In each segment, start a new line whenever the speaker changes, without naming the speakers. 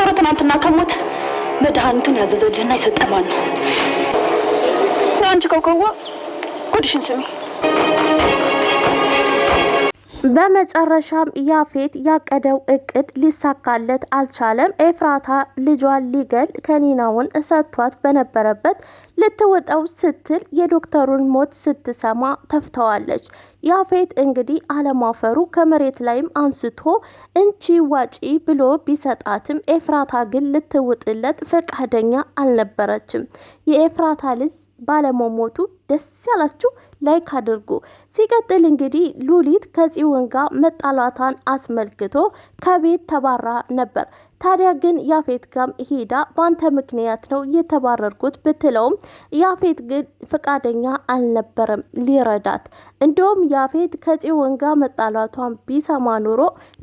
ዶክተሩ ትናንትና ከሞተ መድኃኒቱን ያዘዘልህና የሰጠህ ማን ነው? አንቺ ከውከዋ ጉድሽን ስሜ
በመጨረሻም ያፌት ያቀደው እቅድ ሊሳካለት አልቻለም። ኤፍራታ ልጇን ሊገል ከኒናውን እሰጥቷት በነበረበት ልትወጣው ስትል የዶክተሩን ሞት ስትሰማ ተፍተዋለች። ያፌት እንግዲህ አለማፈሩ ከመሬት ላይም አንስቶ እንቺ ዋጪ ብሎ ቢሰጣትም ኤፍራታ ግን ልትውጥለት ፈቃደኛ አልነበረችም። የኤፍራታ ልጅ ባለመሞቱ ደስ ያላችሁ ላይክ አድርጉ። ሲቀጥል እንግዲህ ሉሊት ከጽዮን ጋር መጣላቷን አስመልክቶ ከቤት ተባራ ነበር። ታዲያ ግን ያፌት ጋም ሄዳ በአንተ ምክንያት ነው የተባረርኩት ብትለውም ያፌት ግን ፈቃደኛ አልነበረም ሊረዳት። እንደውም ያፌት ከጽዮን ጋር መጣላቷን ቢሰማ ኑሮ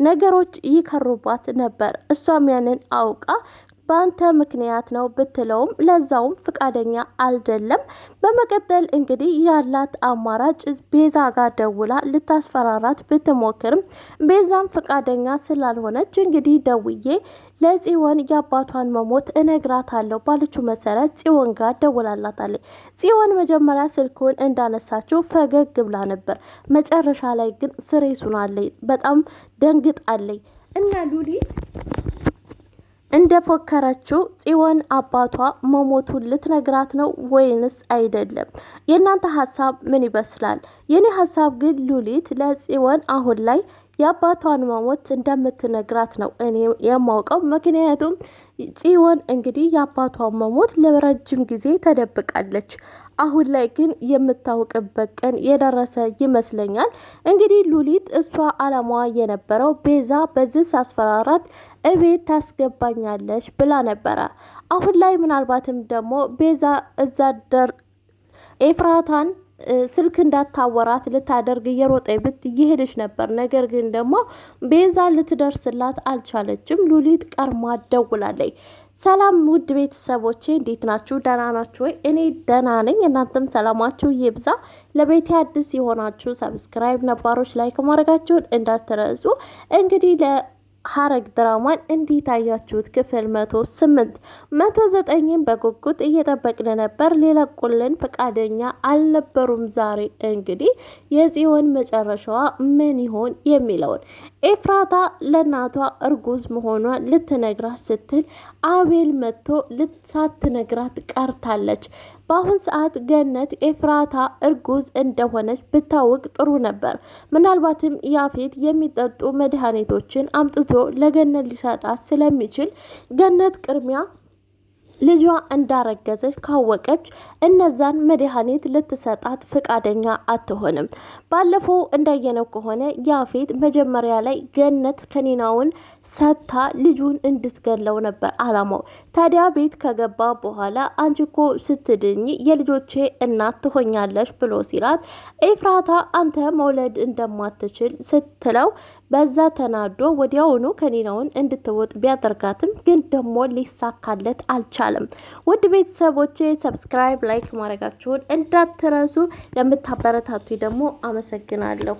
ነገሮች ይከሩባት ነበር። እሷም ያንን አውቃ በአንተ ምክንያት ነው ብትለውም ለዛውም ፍቃደኛ አልደለም። በመቀጠል እንግዲህ ያላት አማራጭ ቤዛ ጋር ደውላ ልታስፈራራት ብትሞክርም ቤዛም ፍቃደኛ ስላልሆነች እንግዲህ ደውዬ ለጽዮን የአባቷን መሞት እነግራታለሁ ባለችው መሰረት ጽዮን ጋር ደውላላታለች። ጽዮን መጀመሪያ ስልኩን እንዳነሳችው ፈገግ ብላ ነበር። መጨረሻ ላይ ግን ስሬሱን አለኝ በጣም ደንግጣለች እና ሉሊ እንደፎከረችው ጽዮን አባቷ መሞቱን ልትነግራት ነው ወይንስ አይደለም? የእናንተ ሀሳብ ምን ይመስላል? የኔ ሀሳብ ግን ሉሊት ለጽዮን አሁን ላይ የአባቷን መሞት እንደምትነግራት ነው እኔ የማውቀው። ምክንያቱም ጽዮን እንግዲህ የአባቷን መሞት ለረጅም ጊዜ ተደብቃለች። አሁን ላይ ግን የምታውቅበት ቀን የደረሰ ይመስለኛል። እንግዲህ ሉሊት እሷ አላማዋ የነበረው ቤዛ በዚህ ሳስፈራራት እቤት ታስገባኛለች ብላ ነበረ። አሁን ላይ ምናልባትም ደግሞ ቤዛ እዛ ደር ኤፍራታን ስልክ እንዳታወራት ልታደርግ እየሮጠ ብት እየሄደች ነበር። ነገር ግን ደግሞ ቤዛ ልትደርስላት አልቻለችም። ሉሊት ቀርማ ደውላለች። ሰላም ውድ ቤተሰቦቼ እንዴት ናችሁ? ደህና ናችሁ ወይ? እኔ ደህና ነኝ። እናንተም ሰላማችሁ ይብዛ። ለቤቴ አዲስ የሆናችሁ ሰብስክራይብ፣ ነባሮች ላይክ ማድረጋችሁን እንዳትረሱ እንግዲህ ሐረግ ድራማን እንዴት አያችሁት? ክፍል መቶ ስምንት መቶ ዘጠኝን በጉጉት እየጠበቅን ነበር። ሊለቁልን ፈቃደኛ አልነበሩም። ዛሬ እንግዲህ የጽዮን መጨረሻዋ ምን ይሆን የሚለውን ኤፍራታ ለእናቷ እርጉዝ መሆኗን ልትነግራት ስትል አቤል መጥቶ ሳትነግራት ቀርታለች። በአሁን ሰዓት ገነት ኤፍራታ እርጉዝ እንደሆነች ብታውቅ ጥሩ ነበር። ምናልባትም ያፌት የሚጠጡ መድኃኒቶችን አምጥቶ ለገነት ሊሰጣት ስለሚችል ገነት ቅድሚያ ልጇ እንዳረገዘች ካወቀች እነዛን መድኃኒት ልትሰጣት ፈቃደኛ አትሆንም። ባለፈው እንዳየነው ከሆነ ያፌት መጀመሪያ ላይ ገነት ከኒናውን ሰታ ልጁን እንድትገለው ነበር አላማው። ታዲያ ቤት ከገባ በኋላ አንቺ እኮ ስትድኝ የልጆቼ እናት ትሆኛለሽ ብሎ ሲላት ኤፍራታ አንተ መውለድ እንደማትችል ስትለው በዛ ተናዶ ወዲያውኑ ከኒናውን እንድትወጥ ቢያደርጋትም ግን ደግሞ ሊሳካለት አልቻለም። ውድ ቤተሰቦቼ ሰብስክራይብ፣ ላይክ ማድረጋችሁን እንዳትረሱ። ለምታበረታቱ ደግሞ አመሰግናለሁ።